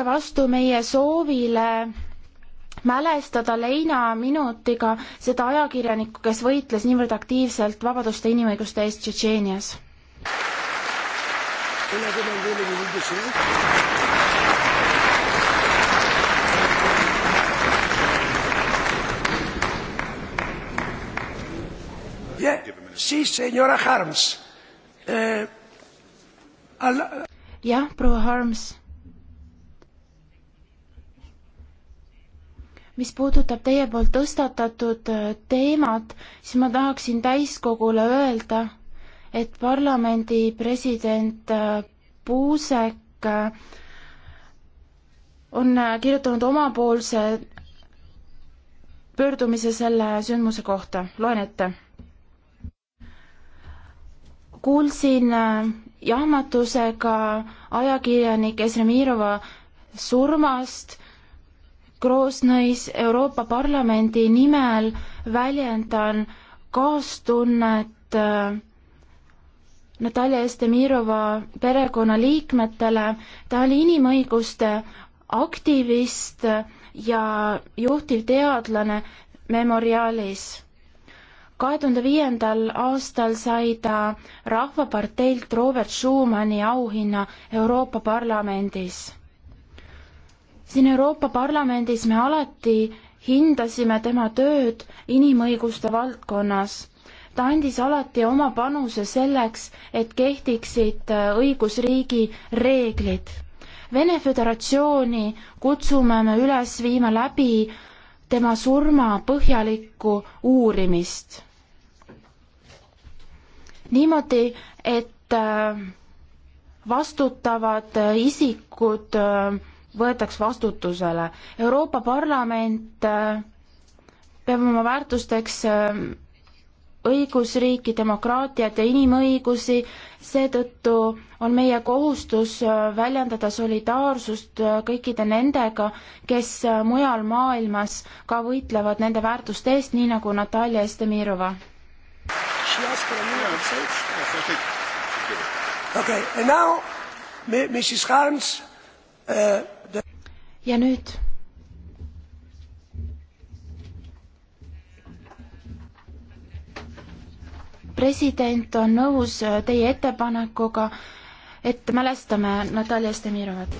vastu meie soovile mälestada Leina minutiga seda ajakirjanikku, kes võitles niivõrd aktiivselt vabaduste inimõiguste eest Tšetšeenias. Eh, jah, proua Harms mis puudutab teie poolt tõstatatud äh, teemat, siis ma tahaksin täiskogule öelda, et parlamendi president äh, Puusek äh, on kirjutanud omapoolse pöördumise selle sündmuse kohta, loen ette. kuulsin jahmatusega ajakirjanik Esremirova surmast Kroosnais Euroopa Parlamendi nimel väljendan kaastunnet äh, Natalja Estemirova perekonnaliikmetele. ta oli inimõiguste aktivist ja juhtivteadlane Memorialis. kahe tuhande viiendal aastal sai ta Rahvaparteilt Robert Schumanni auhinna Euroopa Parlamendis siin Euroopa Parlamendis me alati hindasime tema tööd inimõiguste valdkonnas. ta andis alati oma panuse selleks, et kehtiksid äh, õigusriigi reeglid. Vene Föderatsiooni kutsume me üles viima läbi tema surma põhjalikku uurimist. niimoodi, et äh, vastutavad äh, isikud äh, võetaks vastutusele. Euroopa Parlament äh, peab oma väärtusteks äh, õigusriiki, demokraatiat ja inimõigusi, seetõttu on meie kohustus äh, väljendada solidaarsust kõikide nendega, kes mujal maailmas ka võitlevad nende väärtuste eest, nii nagu Natalja Estemirova. okei okay,, ja nüüd, Mrs Harms uh ja nüüd? president on nõus äh, teie ettepanekuga, et mälestame Natalja Stemirovat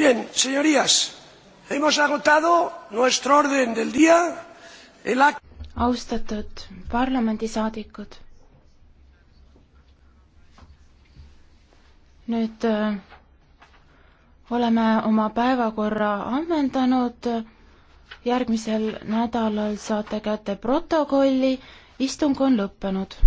Bien, señorías, hemos agotado nuestro orden del día. El act- austatud parlamendisaadikud. nüüd öö, äh, oleme oma päevakorra ammendanud. järgmisel nädalal saate kätte protokolli. istung on lõppenud